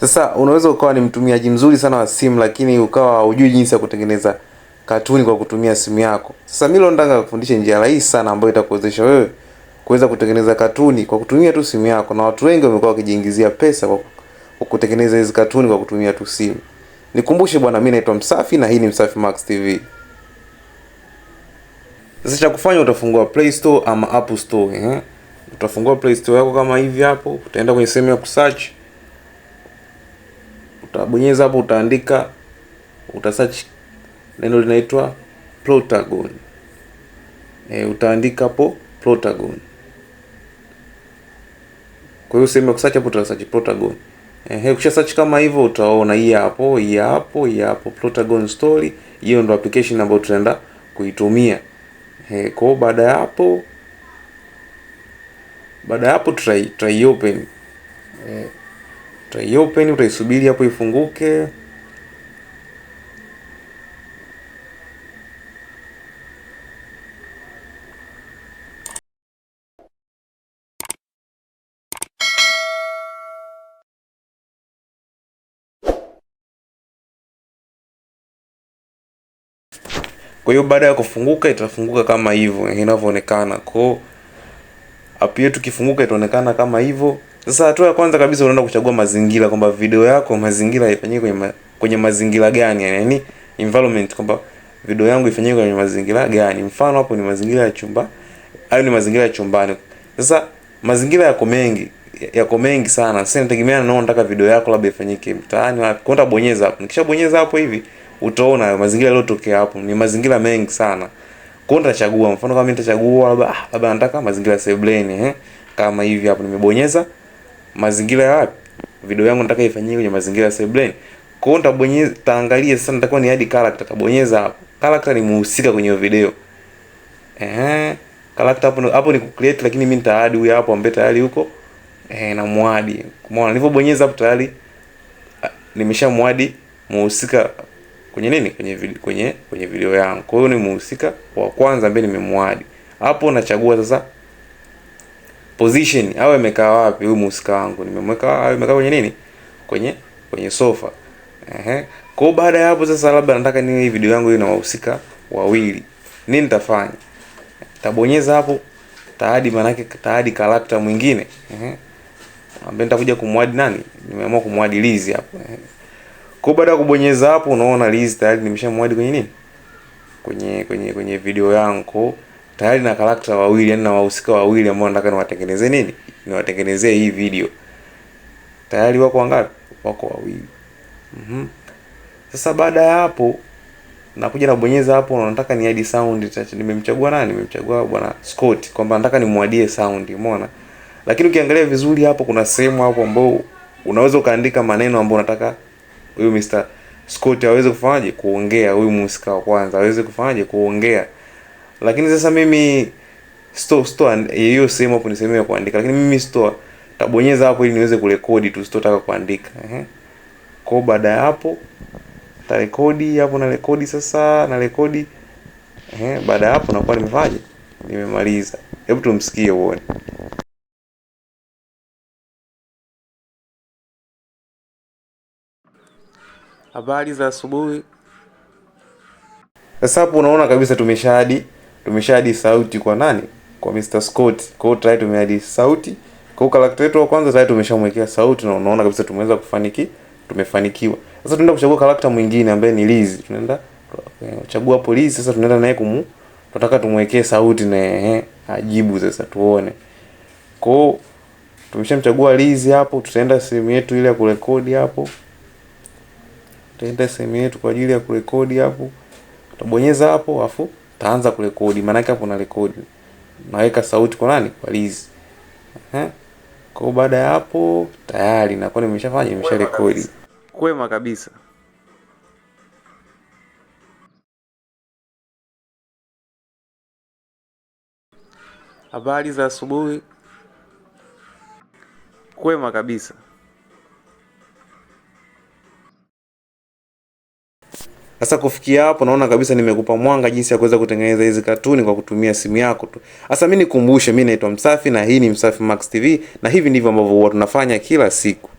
Sasa unaweza ukawa ni mtumiaji mzuri sana wa simu, lakini ukawa hujui jinsi ya kutengeneza katuni kwa kutumia simu yako. Sasa mimi leo nataka kufundisha njia rahisi sana ambayo itakuwezesha wewe kuweza kutengeneza katuni kwa kutumia tu simu yako, na watu wengi wamekuwa wakijiingizia pesa kwa kutengeneza hizi katuni kwa kutumia tu simu. Nikumbushe bwana, mimi naitwa Msafi na hii ni Msafi Max TV. Sasa cha kufanya utafungua Play Store ama App Store, eh? Utafungua Play Store yako kama hivi hapo, utaenda kwenye sehemu ya kusearch utabonyeza hapo, utaandika, utasearch neno linaitwa protagon E, utaandika hapo protagon. Kwa hiyo sehemu ya kusearch hapo utasearch Plotagon. Ehe, ukisha search kama hivyo utaona hii hapo, hii hapo, hii hapo Protagon Story. Hiyo ndo application ambayo tutaenda kuitumia. Eh, kwa baada ya hapo baada ya hapo try try open. Eh, utai open, utaisubiri hapo ifunguke. Kwa hiyo baada ya kufunguka itafunguka kama hivyo inavyoonekana. Kwa hiyo app yetu kifunguka itaonekana kama hivyo. Sasa hatua ya kwanza kabisa unaenda kuchagua mazingira kwamba video yako mazingira ifanyike kwenye ma, kwenye mazingira gani yani yaani, environment kwamba video yangu ifanyike kwenye mazingira gani. Mfano hapo ni mazingira ya chumba, hayo ni mazingira ya chumbani. Sasa mazingira yako mengi, yako mengi sana. Sasa nitegemea na nataka video yako labda ifanyike mtaani wapi. Kwenda bonyeza hapo. nikisha bonyeza hapo hivi utaona mazingira yaliyotokea hapo ni mazingira mengi sana. Kwa hiyo nitachagua mfano kama nitachagua labda ah, labda nataka mazingira sebleni eh, kama hivi hapo nimebonyeza mazingira ya wapi? Video yangu nataka ifanyike kwenye mazingira ya Sebleni. Kwa hiyo nitabonyeza, taangalie sasa nitakuwa ni hadi character tabonyeza hapo. Character ni muhusika kwenye video. Eh, character hapo hapo ni kucreate lakini mimi nita nitaadi huyo hapo ambaye tayari yuko eh na muadi. Umeona nilipobonyeza hapo tayari nimeshamwadi muhusika kwenye nini? Kwenye video, kwenye kwenye video yangu. Kwa hiyo ni muhusika wa kwanza ambaye nimemwadi. Hapo nachagua sasa position awe amekaa wapi huyu musika wangu, nimemweka awe amekaa kwenye nini, kwenye kwenye sofa. Ehe, kwa baada ya hapo sasa, labda nataka niwe hii video yangu ina wahusika wawili, nini nitafanya? Tabonyeza hapo taadi, manake taadi karakta mwingine, ehe, ambaye nitakuja kumwadi nani, nimeamua kumwadi Liz hapo. Ehe, kwa baada ya kubonyeza hapo, unaona Liz tayari nimeshamwadi kwenye nini, kwenye kwenye kwenye video yangu tayari na karakta wawili, yani na wahusika wawili ambao nataka niwatengenezee nini, niwatengenezee hii video. Tayari wako wangapi? Wako wawili. Mhm. Sasa baada ya hapo nakuja nabonyeza hapo, nataka ni add sound. tach Nimemchagua nani? Nimemchagua bwana Scott kwamba nataka nimwadie sound, umeona. Lakini ukiangalia vizuri hapo kuna sehemu hapo ambao unaweza ukaandika maneno ambayo unataka huyu Mr. Scott aweze kufanyaje kuongea, huyu mhusika wa kwanza aweze kufanyaje kuongea. Lakini sasa mimi store store hiyo sehemu hapo ni sehemu ya kuandika, lakini mimi store tabonyeza hapo ili niweze kurekodi tu, sitotaka kuandika ehe. Kwa baada ya hapo tarekodi hapo, na rekodi sasa, na rekodi ehe. Baada ya hapo nakuwa nimefanyaje, nimemaliza. Hebu tumsikie uone. Habari za asubuhi. Sasa hapo unaona kabisa tumeshahadi tumeshahadi sauti kwa nani? Kwa Mr. Scott. Kwa hiyo tayari tumeadi sauti. Kwa hiyo character yetu wa kwanza tayari tumeshamwekea sauti na unaona kabisa tumeweza kufaniki, tumefanikiwa. Sasa tunaenda kuchagua character mwingine ambaye ni Liz. Tunaenda kuchagua hapo Liz. Sasa tunaenda naye kumu tunataka tumwekee sauti na ehe ajibu sasa tuone. Kwa hiyo tumeshamchagua Liz hapo, tutaenda sehemu yetu ile ya kurekodi hapo. Tutaenda sehemu yetu kwa ajili ya kurekodi hapo. tutabonyeza hapo afu taanza kurekodi, maanake hapo rekodi naweka sauti kwa nani, kwa Liz. Eh, kwa baada ya hapo tayari nakuwa nimeshafanya, rekodi kwema kabisa. Habari za asubuhi. Kwema kabisa. Sasa kufikia hapo, naona kabisa nimekupa mwanga jinsi ya kuweza kutengeneza hizi katuni kwa kutumia simu yako tu. Sasa mimi nikumbushe, mimi naitwa Msafi na hii ni Msafi Max TV na hivi ndivyo ambavyo huwa tunafanya kila siku.